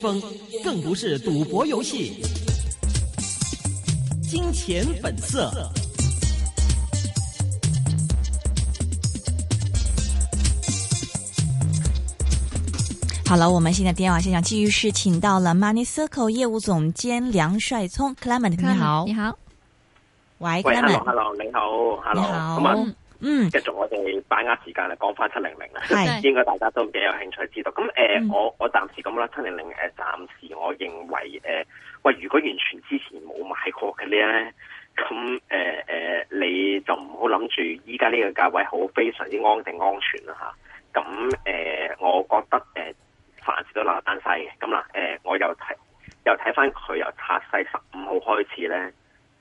風更不是賭博遊戲，金錢本色。好了，我們現在電話現場繼續是請到了 Money Circle 業務總監梁帥聰 Clement 你好，你好，喂，Clement，你好，你好，你好。嗯，繼續我哋把握時間嚟講翻七零零啦，係是應該大家都幾有興趣知道。咁誒、呃嗯，我我暫時咁啦，七零零誒，暫時我認為誒、呃，喂，如果完全之前冇買過嘅咧，咁誒誒，你就唔好諗住依家呢個價位好非常之安定安全啦吓。咁、啊、誒、呃，我覺得誒、呃、凡事都難單細嘅。咁嗱，誒、呃、我又睇又睇翻佢由拆細十五號開始咧。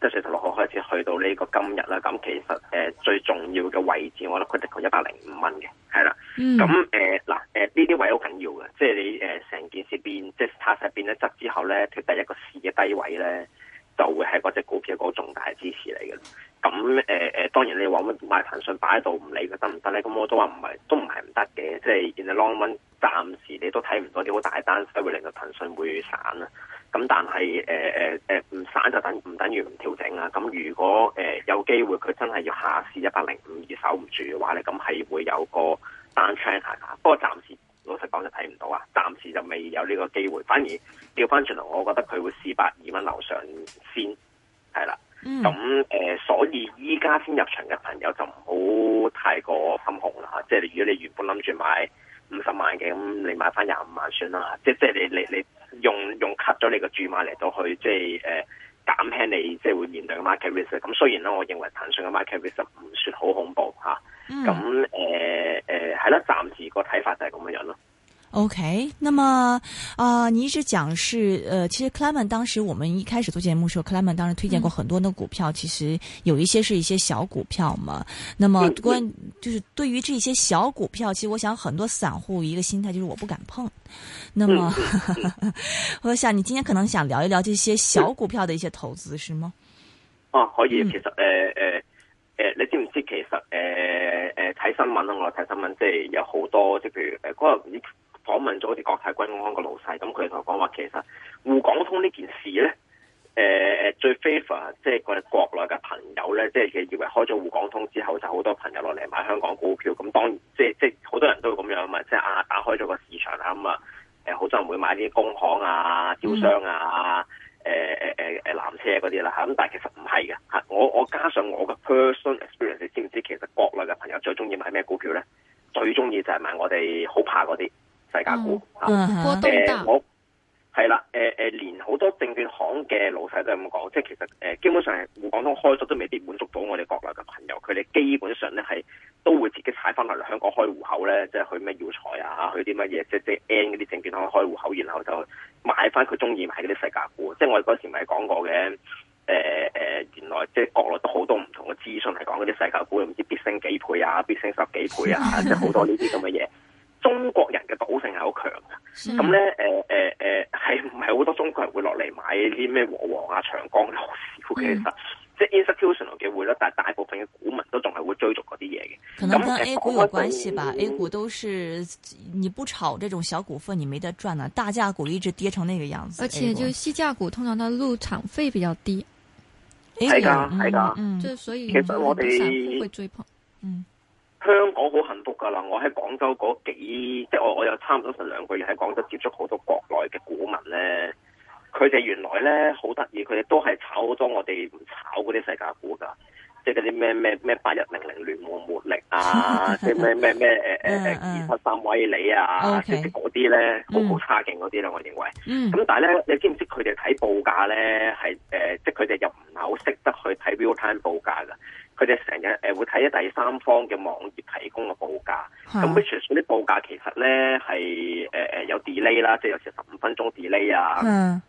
即係四十六號開始去到呢個今日啦，咁其實誒最重要嘅位置，我覺得佢的確一百零五蚊嘅，係啦。咁誒嗱，誒呢啲位好緊要嘅，即係你誒成、呃、件事變，即係踏實變咗質之後咧，佢第一個市嘅低位咧，就會係嗰隻股票個重大支持嚟嘅。咁誒誒，當然你話乜買騰訊擺喺度唔理佢得唔得咧？咁我都話唔係，都唔係唔得嘅。即係 in the long run 暫時你都睇唔到啲好大單，都會令到騰訊會散啦。咁但係誒誒誒唔散就等唔等於唔調整啦、啊。咁、嗯、如果誒、呃、有機會佢真係要下試一百零五而守唔住嘅話咧，咁係會有個單 check 下。不過暫時老實講就睇唔到啊，暫時就未有呢個機會。反而調翻轉頭，我覺得佢會四百二蚊樓上先係啦。咁誒、嗯嗯，所以依家先入場嘅朋友就唔好太過心雄啦。即係如果你原本諗住買五十萬嘅，咁你買翻廿五萬算啦。即係即係你你你。你你你住嚟到去，即係誒，減輕你即係會面對嘅 market risk。咁雖然咧，我認為騰訊嘅 market risk 唔算好恐怖吓。咁誒誒，係 啦樂，暫時個睇法就係咁樣樣咯。 OK，那麼啊、呃，你一直講是呃，其實 Clement 當時我們一開始做節目的時候 Clement 當時推薦過很多的股票，嗯，其實有一些是一些小股票嘛。那麼關、嗯、就是對於這些小股票，嗯，其實我想很多散戶一個心態就是我不敢碰。那麼、嗯、 我想你今天可能想聊一聊這些小股票的一些投資、嗯、是嗎？哦、啊，可以、嗯。其實，呃呃呃你知唔知？其實，呃呃睇新聞啊，我、哦、睇新聞即係有好多，即係譬如誒嗰、呃訪問咗啲國泰君安個老細，咁佢同我講話，其實滬港通呢件事咧，誒、呃、誒最 favor，即係我哋國內嘅朋友咧，即係佢以為開咗滬港通之後就好多朋友落嚟買香港股票，咁當然即即好多人都會咁樣啊嘛，即係啊打開咗個市場啊咁啊，好多人都會，人會買啲工行啊、招商啊、誒誒誒誒纜車嗰啲啦嚇，咁但係其實唔係嘅嚇，我我加上我嘅 person experience，你知唔知其實國內嘅朋友最中意買咩股票咧？最中意就係買我哋好怕嗰啲。世界股啊，嗯哼呃、我係啦，誒誒、呃，連好多證券行嘅老細都咁講，即係其實誒、呃，基本上係滬港通開咗都未必滿足到我哋國內嘅朋友，佢哋基本上咧係都會自己踩翻落嚟，香港開戶口咧，即係去咩耀才啊，去啲乜嘢，即係即係 N 嗰啲證券行開戶口，然後就買翻佢中意買嗰啲世界股，即係我嗰時咪講過嘅，誒、呃、誒，原來即係國內都好多唔同嘅資訊係講嗰啲世界股唔知必升幾倍啊，必升十幾倍啊，即係好多呢啲咁嘅嘢。 中國人嘅賭性係好強噶，咁咧誒誒誒，係唔係好多中國人會落嚟買啲咩和旺啊、長江、好少？其實、嗯、即係 institutional 嘅會啦，但係大部分嘅股民都仲係會追逐嗰啲嘢嘅。可能跟 A 股有關係吧？A 股都是你不炒這種小股份，你沒得賺啊！大價股一直跌成那個樣子。而且就細價股,股通常，它入場費比較低。係噶係噶，嗯，就所以其實我哋會追捧，嗯。香港好幸福噶啦！我喺廣州嗰幾，即係我我有差唔多成兩個月喺廣州接觸好多國內嘅股民咧，佢哋原來咧好得意，佢哋都係炒好多我哋唔炒嗰啲細價股噶，即係嗰啲咩咩咩八一零零聯和活力啊，即係咩咩咩誒誒二七三威利啊，Okay. 即係嗰啲咧好好差勁嗰啲啦，我認為。咁、嗯、但係咧，你知唔知佢哋睇報價咧係誒？即係佢哋又唔係好識得去睇 real time 報價。佢哋成日誒會睇啲第三方嘅網頁提供嘅報價，咁 which 啲報價其實咧係誒誒有 delay 啦，即係有時十五分鐘 delay 啊，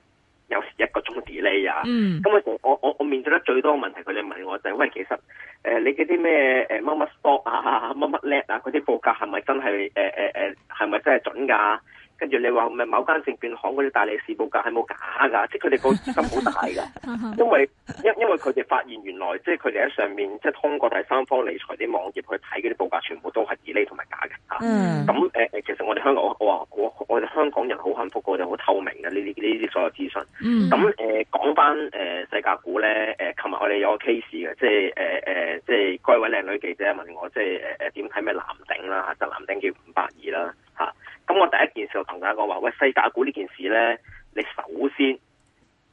有時一個鐘 delay 啊。咁、嗯、我我我我面對得最多問題，佢哋問我就係、是：喂，其實誒、呃、你嗰啲咩誒乜乜 stock 啊，乜乜叻啊，嗰啲報價係咪真係誒誒誒係咪真係準㗎？跟住你話唔係某間證券行嗰啲大利市報價係冇假噶，即係佢哋個資金好大嘅，因為因因為佢哋發現原來即係佢哋喺上面即係通過第三方理財啲網頁去睇嗰啲報價，全部都係以厘同埋假嘅嚇。咁誒、嗯啊、其實我哋香港我我我我哋香港人好幸福嘅，就好透明嘅呢啲呢啲所有資訊。咁誒、嗯啊、講翻誒細價股咧誒，琴日我哋有個 case 嘅，即係誒誒，即係位靚女記者問我，即係誒誒點睇咩藍鼎啦就藍鼎叫五百二啦嚇。咁我第一件事就同大家講話，喂，細價股呢件事咧，你首先，誒、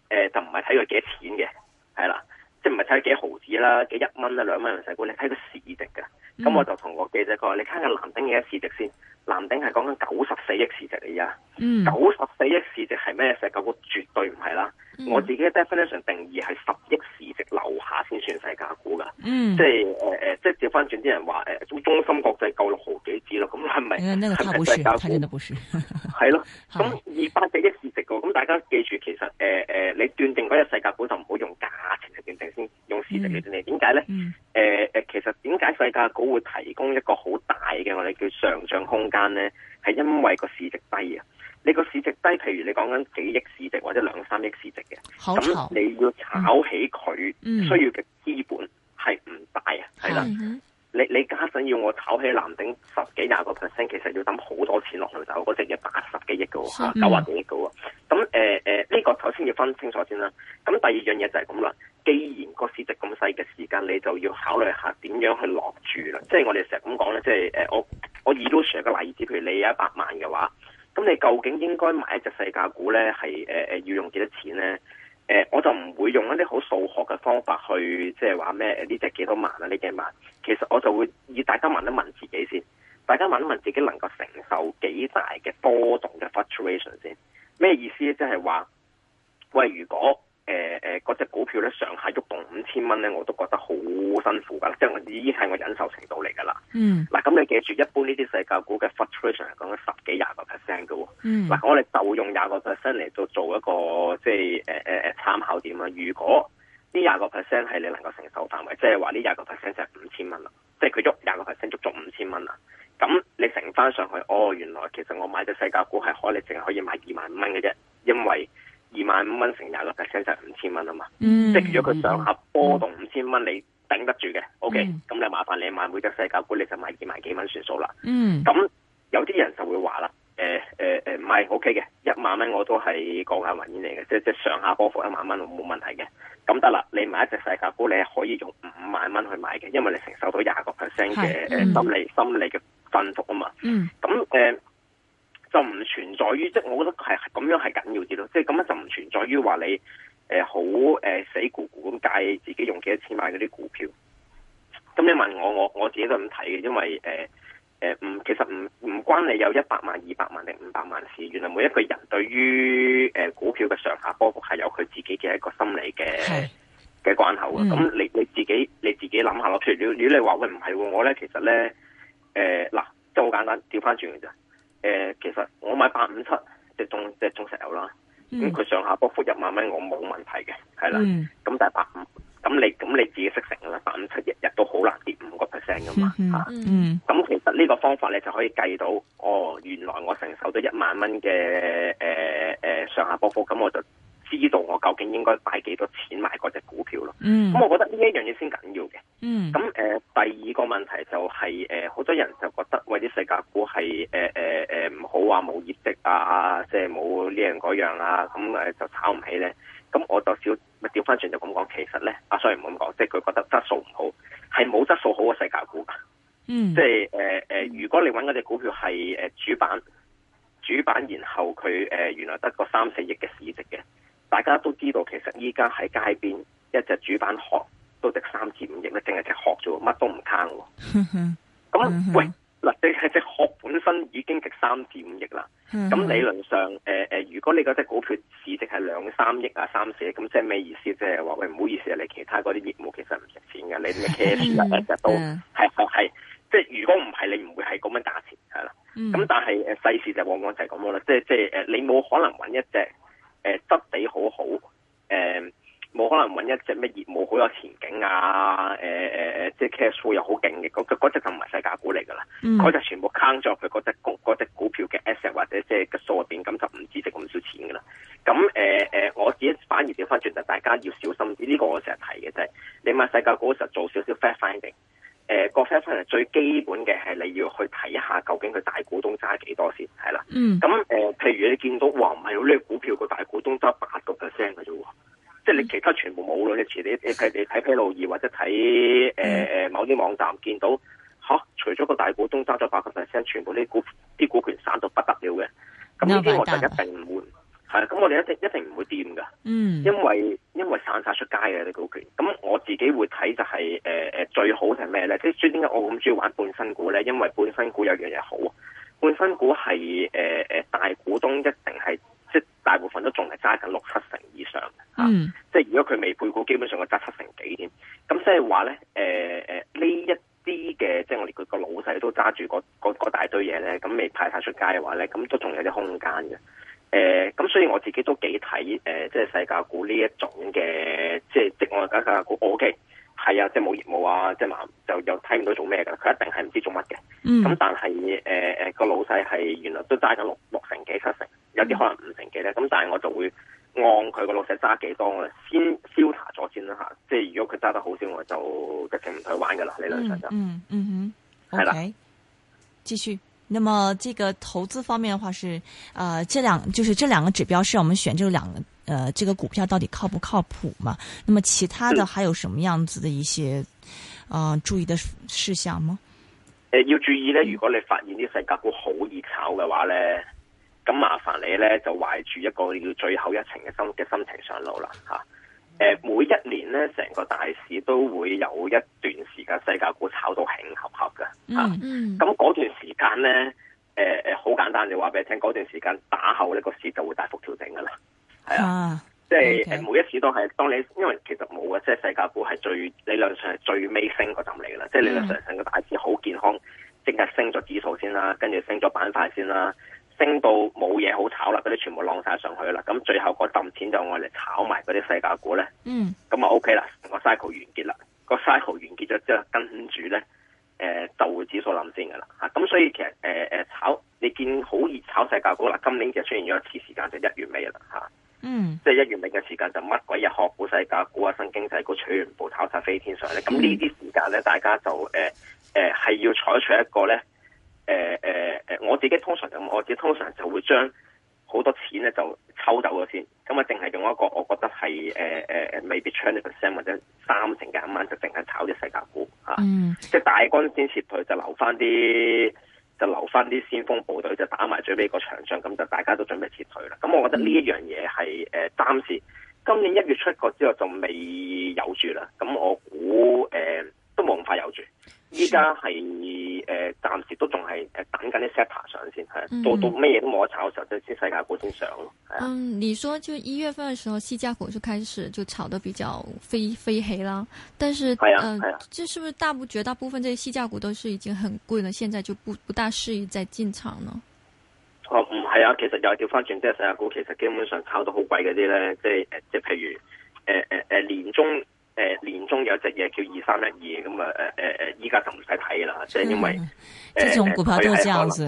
呃，就唔係睇佢幾多錢嘅，係啦。唔係睇佢幾毫子啦，幾一蚊啦，兩蚊人細價股，你睇佢市值嘅。咁、嗯、我就同個記者講：你睇下藍頂嘅一市值先。藍頂係講緊九十四億市值嚟呀。九十四億市值係咩細價股？股絕對唔係啦。嗯、我自己 definition 定義係十億市值樓下先算細價股㗎。即係誒誒，即係照翻轉啲人話誒中心國際夠六毫幾字咯。咁係咪？呢個差唔多，肯定係咯，咁二百幾億市值個，咁大家記住，其實誒誒、呃呃呃，你斷定嗰隻細價股就唔好用價。嗯嗯、先用市值嚟定理，點解咧？誒、呃、誒，其實點解細價股會提供一個好大嘅我哋叫上漲空間咧？係因為個市值低啊！你個市值低，譬如你講緊幾億市值或者兩三億市值嘅，咁醜你要炒起佢需要嘅資本係唔大啊？係啦，你你加上要我炒起藍頂十幾廿個 percent，其實要抌好多錢落去走，嗰隻嘢八十幾億嘅喎，九十幾億嘅喎。咁誒誒，呢、嗯呃這個首先要分清楚先啦。咁第二樣嘢就係咁啦。既然個市值咁細嘅時間，你就要考慮下點樣去落注啦。即係我哋成日咁講咧，即係誒我我 i l l u s t 嘅例子，譬如你有一百萬嘅話，咁你究竟應該買一隻細價股咧？係誒誒要用幾多錢咧？誒、呃、我就唔會用一啲好數學嘅方法去即係話咩？呢隻幾多萬啊？呢幾萬？其實我就會以大家問一問自己先，大家問一問自己能夠承受幾大嘅波動嘅 fluctuation 先，咩意思呢？即係話喂，如果誒誒，嗰隻、呃那個、股票咧上下喐動五千蚊咧，我都覺得好辛苦㗎，即係呢係我忍受程度嚟㗎啦。嗯、mm. 啊，嗱咁你記住，一般呢啲細價股嘅 fluctuation 嚟講，十幾廿個 percent 嘅喎。嗱、哦 mm. 啊、我哋就用廿個 percent 嚟到做一個即係誒誒誒參考點啊。如果呢廿個 percent 係你能夠承受範圍，就是就是，即係話呢廿個 percent 就五千蚊啦，即係佢喐廿個 percent 喐咗五千蚊啦。咁你乘翻上去，哦，原來其實我買隻細價股係可你淨係可以買二萬五蚊嘅啫，因為。二萬五蚊乘廿個 percent 就係五千蚊啊嘛，嗯、即係如果佢上下波動五千蚊，嗯、5，你頂得住嘅，OK，咁就、嗯、麻煩你買每隻細價股，你就買二萬幾蚊算數啦。嗯，咁有啲人就會話啦，誒誒誒，唔、呃、係、呃、OK 嘅，一萬蚊我都係講下雲煙嚟嘅，即係即係上下波幅一萬蚊冇問題嘅，咁得啦，你買一隻細價股，你係可以用五萬蚊去買嘅，因為你承受到廿個 percent 嘅誒心理心理嘅振幅啊嘛嗯。嗯，咁、嗯、誒。嗯嗯嗯嗯嗯嗯就唔存在於，即係我覺得係咁樣係緊要啲咯。即係咁樣就唔存在於話你誒、呃、好誒、呃、死咕咕咁計自己用幾多錢買嗰啲股票。咁你問我，我我自己都咁睇嘅，因為誒誒唔其實唔唔關你有一百萬、二百萬定五百萬事。原來每一個人對於誒、呃、股票嘅上下波幅係有佢自己嘅一個心理嘅嘅是關口嘅。咁、嗯、你你自己你自己諗下落去。譬如果你話喂唔係喎，我咧其實咧誒嗱，即係好簡單，調翻轉嘅啫。誒，其實我買八五七，即係中，即係中石油啦。咁佢上下波幅一萬蚊，我冇問題嘅，係啦。咁、嗯、但係八五，咁你咁你自己識成噶啦。八五七日日都好難跌五個 percent 噶嘛吓。咁、啊嗯嗯、其實呢個方法你就可以計到，哦，原來我承受咗一萬蚊嘅誒誒上下波幅，咁我就知道我究竟應該擺幾多錢買嗰隻股票咯、啊。咁、嗯、我覺得呢一樣嘢先緊要嘅。咁誒、呃，第二個問題就係、是、誒，好、呃，多人就覺得。啊！即係冇呢樣嗰樣啊，咁誒就炒唔起咧。咁我就少咪調翻轉就咁講，其實咧啊，sorry，唔好咁講，即係佢覺得質素唔好，係冇質素好嘅細價股。嗯，即係誒誒，如果你揾嗰隻股票係誒主板，主板然後佢誒原來得個三四億嘅市值嘅，大家都知道其實依家喺街邊一隻主板殼都值三至五億咧，淨係隻殼啫，乜都唔㗎喎。咁 喂嗱，即係只。淨值三至五億啦，咁、mm hmm. 理論上，誒、呃、誒，如果你嗰隻股票市值係兩三億啊，三四億，咁即係咩意思？即係話，喂，唔好意思啊，你其他嗰啲業務其實唔值錢嘅，你啲 cash、mm hmm. 啊，其實都係係、mm hmm.，即係如果唔係，你唔會係咁樣價錢係啦。咁、mm hmm. 但係誒世事就往往就係咁啦，即係即係誒，你冇可能揾一隻誒、呃、質地好好誒。呃冇可能揾一隻咩業務好有前景啊！誒誒誒，即係 case 數又好勁嘅，嗰嗰隻就唔係世界股嚟噶啦。嗰隻、嗯、全部 count 咗佢、那個，嗰隻股隻股票嘅 asset 或者即係 c a 數入邊，咁就唔止值咁少錢噶啦。咁誒誒，我自己反而調翻轉就大家要小心啲。呢個我成日提嘅就啫、是。你問世界股時候做少少 fat finding，誒個 fat finding 最基本嘅係你要去睇一下究竟佢大股東揸幾多先係啦。咁誒、嗯呃，譬如你見到話唔係呢個股票個大股東揸八個。你其他全部冇咯，你遲啲你睇你睇披露易或者睇誒誒某啲網站見到，嚇、啊、除咗個大股東揸咗百分 percent，全部啲股啲股權散到不得了嘅。咁呢啲我哋一定唔會係，咁 No bad. 我哋一定一定唔會掂噶。嗯、mm.，因為因為散晒出街嘅啲股權。咁我自己會睇就係誒誒最好係咩咧？即係點解我咁中意玩半新股咧？因為半新股有樣嘢好啊，半新股係誒誒大股東一定係即係大部分都仲係揸緊六。嗯，即係如果佢未配股，基本上佢揸七成幾添。咁即係話咧，誒、呃、誒，呢一啲嘅，即係我哋佢個老細都揸住、個個大堆嘢咧，咁未派晒出街嘅話咧，咁都仲有啲空間嘅。誒、呃，咁所以我自己都幾睇，誒、呃，即係細價股呢一種嘅，即係即係我哋講細價股，O K。係啊，即係冇業務啊，即係嘛，就又睇唔到做咩噶，佢一定係唔知做乜嘅。咁、嗯、但係，誒、呃、誒，個老細係原來都揸緊六六成幾、七成，有啲可能五成幾咧。咁但係我就會。按佢個老細揸幾多嘅，先消查咗先啦吓。即係如果佢揸得好少，我就一定唔去玩噶啦。理論上就嗯嗯，嗯哼，係啦的，嗯嗯 okay. 繼續。那麼這個投資方面的話是，呃，這兩就是這兩個指標是讓我們選這兩，呃，這個股票到底靠不靠譜嘛？那麼其他的還有什麼樣子的一些，呃，注意的事項嗎？誒、嗯呃，要注意咧，如果你發現啲細價股好易炒嘅話咧。嗯咁麻煩你咧，就懷住一個要最後一程嘅心嘅心情上路啦嚇。誒、啊，每一年咧，成個大市都會有一段時間，細價股炒到興合合嘅嚇。咁、啊、嗰、嗯嗯、段時間咧，誒、呃、誒，好簡單就話俾你聽，嗰段時間打後呢、那個市就會大幅調整噶啦。係啊，啊即係誒，Okay. 每一次都係，當你因為其實冇嘅，即係細價股係最理論上係最尾升嗰陣嚟嘅啦。即係、嗯、理論上成個大市好健康，即係升咗指數先啦，跟住升咗板塊先啦。升到冇嘢好炒啦，嗰啲全部浪晒上去啦。咁最後嗰抌錢就愛嚟炒埋嗰啲細價股咧。嗯，咁啊 OK 啦，個 cycle 完結啦，那個 cycle 完結咗之後跟住咧，誒、呃、就會指數冧先噶啦吓。咁、啊、所以其實誒誒、呃、炒，你見好熱炒細價股啦，今年就出現咗一次時間就一、是、月尾啦吓。啊、嗯，即係一月尾嘅時間就乜、是、鬼日韓股、細價股啊、新經濟股全部炒晒飛天上咧。咁呢啲時間咧，大家就誒誒係要採取一個咧。呢呢誒誒誒，我自己通常就，我自己通常就會將好多錢咧就抽走咗先，咁、嗯、啊，淨係、嗯嗯、用一個我覺得係誒誒誒，maybe twenty percent 或者三成嘅一晚就淨係炒啲世界股吓，啊嗯、即係大軍先撤退，就留翻啲，就留翻啲先鋒部隊，就打埋最尾個場仗。咁就大家都準備撤退啦。咁、嗯嗯、我覺得呢一樣嘢係誒，暫、呃、時今年一月出過之後就未有，有住啦，咁、嗯、我估誒、呃、都冇咁快有住，依家係。啲上先係，到到咩嘢都冇得炒嘅時候，即係細價股先上咯。啊、嗯，你說就一月份嘅時候，細價股就開始就炒得比較飛飛起啦。但是，係啊，係、呃、啊，這係唔係大部絕大部分這些細價股都是已經很貴了？現在就不不大適宜再進場了。哦、嗯，唔係啊，其實又係調翻轉，即係細價股，其實基本上炒到好貴嗰啲咧，即係誒、呃，即係譬如誒誒誒，年中。誒，年、呃、中有隻嘢叫二三零二，咁啊誒誒誒，依、呃、家就唔使睇啦，即係、嗯、因為誒，即係種股票都係這樣子。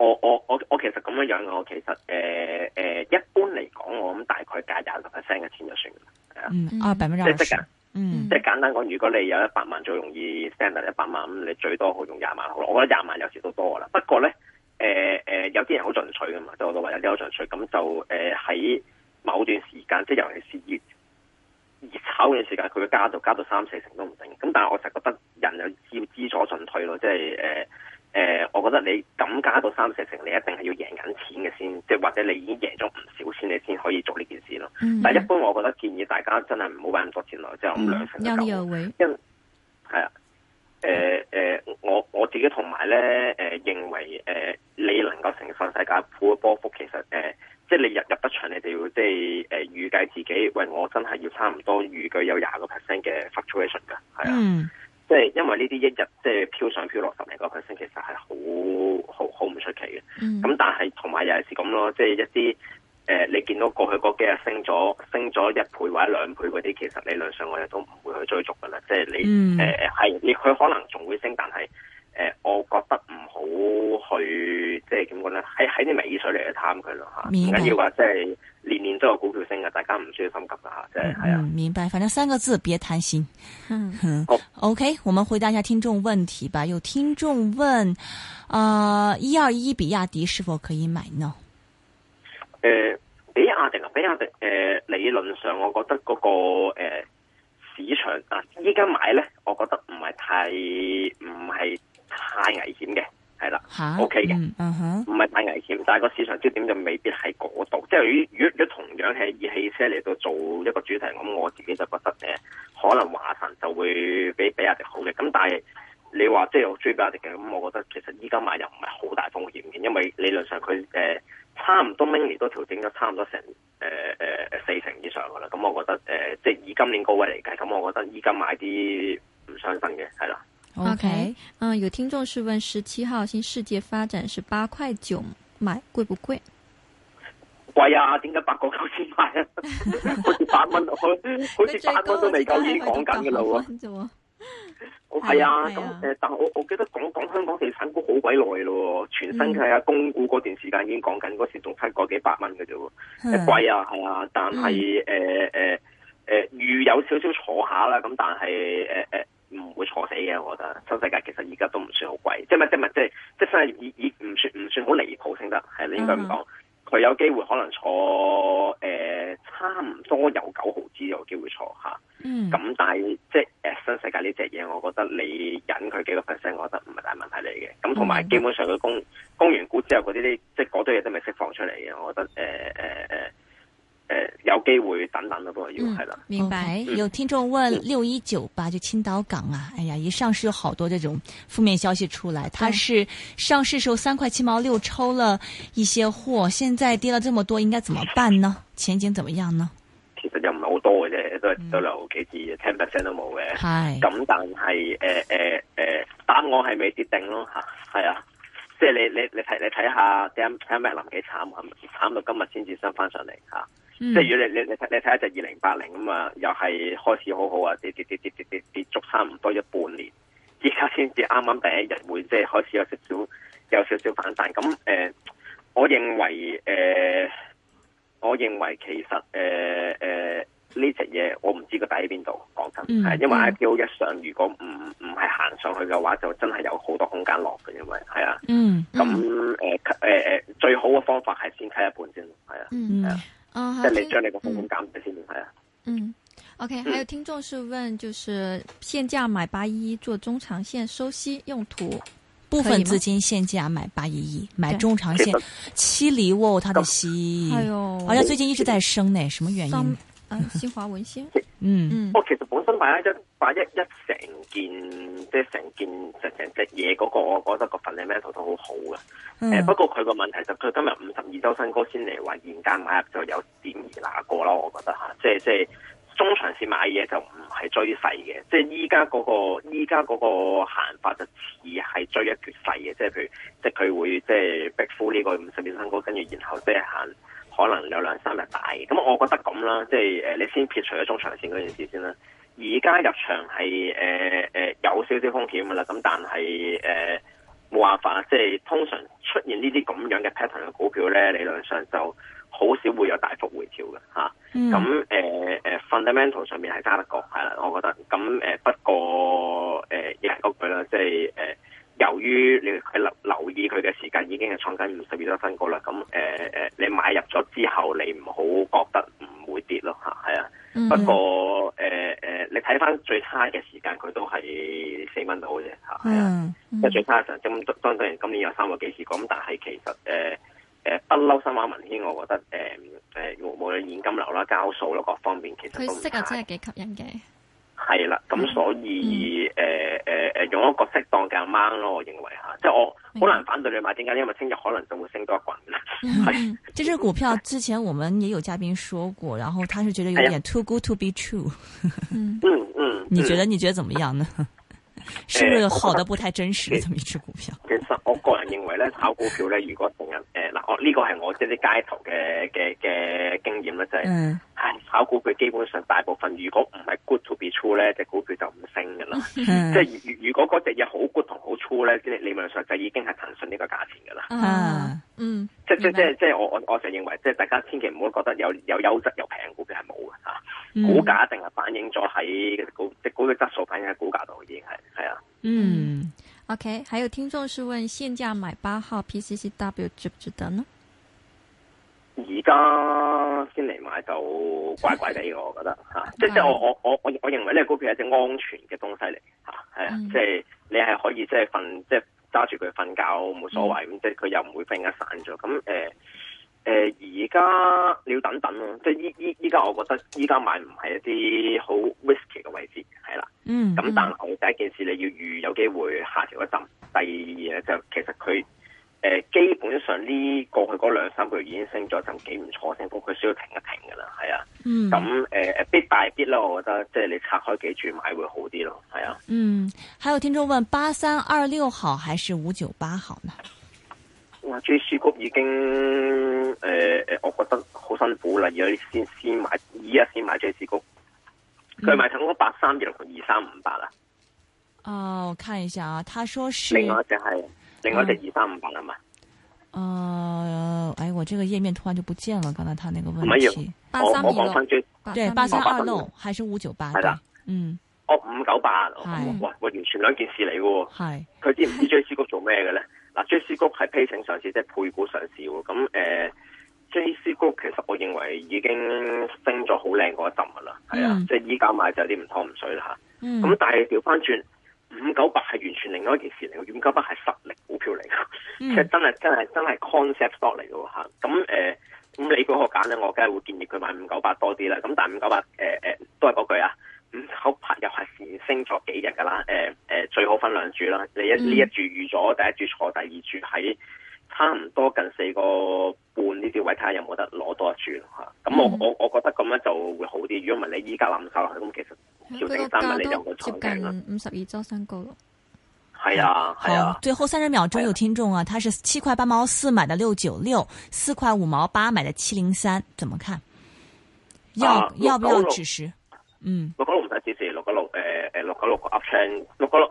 我我我我其實咁樣樣，我其實誒誒、呃呃，一般嚟講，我諗大概加廿六 percent 嘅錢就算噶啦，係啊，mm hmm. 即係、mm hmm. 即係嘅，嗯，即係簡單講，如果你有一百萬，就容易 send 到一百萬，咁你最多好用廿萬好啦。我覺得廿萬有時都多噶啦。不過咧，誒、呃、誒，有啲人好進取噶嘛，就我話有啲好進取，咁就誒喺、呃、某段時間，即係尤其是熱熱炒嗰段時間，佢會加到加到三四成都唔定。咁但係我成日覺得人有要知所進退咯，即係誒。呃誒、呃，我覺得你咁加到三四成，你一定係要贏緊錢嘅先，即係或者你已經贏咗唔少錢，你先可以做呢件事咯。Mm hmm. 但係一般，我覺得建議大家真係唔好俾咁多錢落，即係兩成咁。Mm hmm. 因係啊，誒、呃、誒、呃，我我自己同埋咧，誒、呃、認為誒、呃，你能夠承受細價股嘅波幅，其實誒、呃，即係你入入得場，你就要即係誒預計自己，喂、呃，我真係要差唔多預計有廿個 percent 嘅 fluctuation 噶，係啊、呃。Mm hmm. 即係因為呢啲一日即係飄上飄落十零個 percent，其實係好好好唔出奇嘅。咁、mm. 但係同埋又係是咁咯，即係、就是、一啲誒、呃、你見到過去嗰幾日升咗升咗一倍或者兩倍嗰啲，其實理論上我哋都唔會去追逐噶啦。即、就、係、是、你誒係，佢、mm. 呃、可能仲會升，但係。誒、呃，我覺得唔好去，即係點講咧？喺喺啲尾水嚟，去貪佢咯吓，唔緊要啊！即係年年都有股票升嘅，大家唔需要心急噶吓，即係係啊。明白，反正三個字，別貪心。嗯哦、OK，我們回答一下聽眾問題吧。有聽眾問：一、呃、二一比亞迪是否可以買呢？誒，比亞迪啊，比亞迪誒，理論上我覺得嗰個誒市場啊，依家買咧，我覺得唔係太唔係。太危險嘅，係啦，OK 嘅，唔係太危險，但係個市場焦點就未必喺嗰度，即係如果同樣係以汽車嚟到做一個主題，咁我自己就覺得誒，可能華晨就會比比亞迪好嘅，咁但係你話即係我追比亞迪嘅，咁我覺得其實依家買又唔係好大風險嘅，因為理論上佢誒、呃、差唔多 mini 都調整咗差唔多成誒誒、呃、四成以上噶啦，咁我覺得誒、呃、即係以今年高位嚟計，咁我覺得依家買啲唔相信嘅係啦。O、okay, K，嗯，有聽眾是問十七號新世界發展是八塊九買貴不貴？貴啊！點解八個九先買啊？好似八蚊，好，好似八蚊都未夠，已經講緊㗎喇喎。係 啊，誒，但我我記得講講香港地產股好鬼耐咯，全新嘅阿公股嗰段時間已經講緊，嗰時仲差個幾百蚊嘅啫，貴 啊，係啊，但係誒誒誒，預、 呃呃呃呃、有少，少少坐下啦，咁但係誒誒。呃唔會坐死嘅，我覺得新世界其實而家都唔算好貴，即係咪？即係唔即係即係新世界以以唔算唔算好離譜先得，係你應該咁講。佢有機會可能坐誒差唔多有九毫子有機會坐吓，咁但係即係誒新世界呢隻嘢，我覺得你忍佢幾個 percent，我覺得唔係大問題嚟嘅。咁同埋基本上佢供供完股之後嗰啲啲即係嗰堆嘢都未釋放出嚟嘅，我覺得誒誒誒。呃呃呃呃誒、呃，有機會等等都都要係啦。嗯、明白。嗯、有聽眾問六一九八就青島港啊，哎呀，一上市有好多這種負面消息出來，它、嗯、是上市時候三塊七毛六抽了一些貨，現在跌了這麼多，應該怎麼辦呢？前景怎麼樣呢？其實又唔係好多嘅啫，都係、嗯、都留幾字，ten percent 都冇嘅。係的。咁但係誒誒誒，答案係未跌定咯吓，係啊，即係你你你睇你睇下，T M T M a 幾慘啊，慘到今日先至升翻上嚟吓。即係如果你你你睇你睇一隻二零八零咁啊，又係開始好好啊，跌跌跌跌跌跌跌足差唔多一半年，而家先至啱啱第一日會即係開始有,有,有少少,有少少有少少反彈。咁誒，我認為誒，我認為其實誒誒呢隻嘢我唔知佢底喺邊度講真，係、呃呃嗯、因為 IPO 一上如果唔唔係行上、嗯、去嘅話，就真係有好多空間落嘅，因為係啊。嗯，咁誒誒誒，最好嘅方法係先睇一半先，係啊。嗯嗯。哦、好嗯，係你啊。嗯，OK， 還有聽眾是問，就是現價買八一一做中長線收息用途，部分資金現價買八一一買中長線，對七厘哦，他的息，哎呦，好像最近一直在升呢，什麼原因？啊，新華文軒，嗯嗯，我 其實本身買一買一一成件，即係成件成成隻嘢嗰個，我覺得個分量咩都都好好嘅。誒、嗯呃，不過佢個問題就佢今日五十二周新高先嚟話現價買入就有點二拿過咯，我覺得吓，即係即係中長線買嘢就唔係追勢嘅，即係依家嗰個依家個行法就似係追一決勢嘅，即係譬如即係佢會即係逼呼呢個五十二周新高跟住然後即係行。可能有兩三日大嘅，咁我覺得咁啦，即係誒你先撇除咗中長線嗰件事先啦。而家入場係誒誒有少少風險噶啦，咁但係誒冇辦法，即係通常出現呢啲咁樣嘅 pattern 嘅股票咧，理論上就好少會有大幅回調嘅嚇。咁、啊、誒誒 fundamental 上面係揸得過係啦，我覺得。咁誒、呃、不過誒亦係嗰句啦，即係誒。呃由於你佢留留意佢嘅時間已經係創緊五十幾多分高啦，咁誒誒，你買入咗之後，你唔好覺得唔會跌咯嚇，係啊。嗯、不過誒誒、呃，你睇翻最差嘅時間，佢都係四蚊到啫嚇，係啊。即係、嗯嗯、最差嘅陣，咁當然今年有三個幾時咁，但係其實誒誒，不嬲新華文軒，我覺得誒誒、呃，無論現金流啦、交數啦各方面，其實都息啊真係幾吸引嘅。係啦，咁所以誒誒。嗯嗯呃呃用一個適當嘅阿芒咯，我認為吓，即係我好難反對你買，點解？因為聽日可能就會升多一棍。係、嗯，這隻股票之前我們也有嘉賓說過，然後他是覺得有點 too good to be true。哎、呀 嗯嗯你覺得你覺得怎麼樣呢？嗯、是唔係好得不太真實？咁、呃、一隻股票，其實我個人認為咧，炒股票咧，如果成日誒嗱，呃、我呢個係我即啲街頭嘅嘅嘅經驗咧，就係、是。嗯炒股佢基本上大部分，如果唔係 good to be true 咧，隻股票就唔升噶啦。 即係如果嗰隻嘢好 good 同好 true o 咧，即係理論上就已經係騰訊呢個價錢噶啦。啊，嗯，嗯即係即係白即係即係我我我就認為，即係大家千祈唔好覺得有又優質又平，嗯啊，股票係冇噶吓。股價一定係反映咗喺股即係股嘅質素反映喺股價度，已經係係啊。嗯，嗯，OK，還有聽眾是問，問現價買八號 PCCW 值唔值得呢？而家先嚟買就怪怪哋嘅，我覺得嚇， 啊、即即我 我我我我認為呢個股票係一隻安全嘅東西嚟嚇，係啊，嗯、即係你係可以即係瞓即係揸住佢瞓覺冇所謂咁，嗯、即係佢又唔會瞓得散咗咁誒誒。而、嗯、家、呃、你要等等即係依依依家，我覺得依家買唔係一啲好 risk 嘅位置，係啦，嗯，咁、嗯嗯、但係第一件事你要預有機會下調一陣，第二嘢就其實佢。呢過去嗰兩三個月已經升咗，就幾唔錯。升幅佢需要停一停噶啦，係啊。咁誒誒，必大必啦，我覺得即係你拆開幾注買會好啲咯，係啊。嗯，還有聽眾問：八三二六號還是五九八號呢？哇，J C 股已經誒誒，我覺得好辛苦啦，而家先先買依家先買 J C 股，佢買等嗰八三二六同二三五八啊。哦，我看一下啊，他說是另外一隻係另外一隻二三五八係嘛？嗯誒，哎，我這個頁面突然就不見了，剛才他那個問題。八三一路，對，八三二路還是五九八？係啦，嗯，哦五九八，喂，我完全兩件事嚟嘅，係，佢知唔知 J C 谷做咩嘅咧？嗱，J C 谷係批請上市即係配股上市嘅，咁誒，J C 谷其實我認為已經升咗好靚嗰一浸噶啦，係啊，即係依家買就係啲唔湯唔水啦吓，咁但係調翻轉。五九八係完全另外一件事嚟嘅，五九八係實力股票嚟嘅，即係、嗯、真係真係真係 concept store 嚟嘅吓。咁、啊、誒，咁、呃、你嗰個揀咧，我梗係會建議佢買五九八多啲啦。咁、啊、但係五九八誒誒、啊，都係嗰句啊，五九八又係連升咗幾日噶啦。誒、啊、誒、啊，最好分兩注啦。你一呢一注預咗，嗯、第一注坐，第二注喺差唔多近四個半呢啲位，睇下有冇得攞多一注吓。咁、啊、我我我覺得咁樣就會好啲。如果唔係你依家難受，咁其實。佢個價都接近五十二周新高咯。係啊係啊。好，最後三十秒鐘有聽眾啊，他是七塊八毛四買的六九六，四塊五毛八買的七零三，怎麼看？要要不要止蝕？嗯、啊，六九六唔使止蝕，六九六誒、呃，六九六個 up 六九六。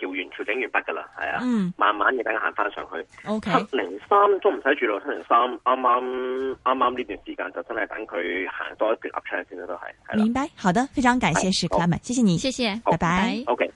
調完調整完畢噶啦，係啊，嗯，慢慢要等佢行翻上去。O K，七零三都唔使住到七零三啱啱啱啱呢段時間就真係等佢行多一段 up trend 先啦，都係。啊、明白，好的，非常感謝帥聰哥，謝謝你，謝謝，拜拜。O K。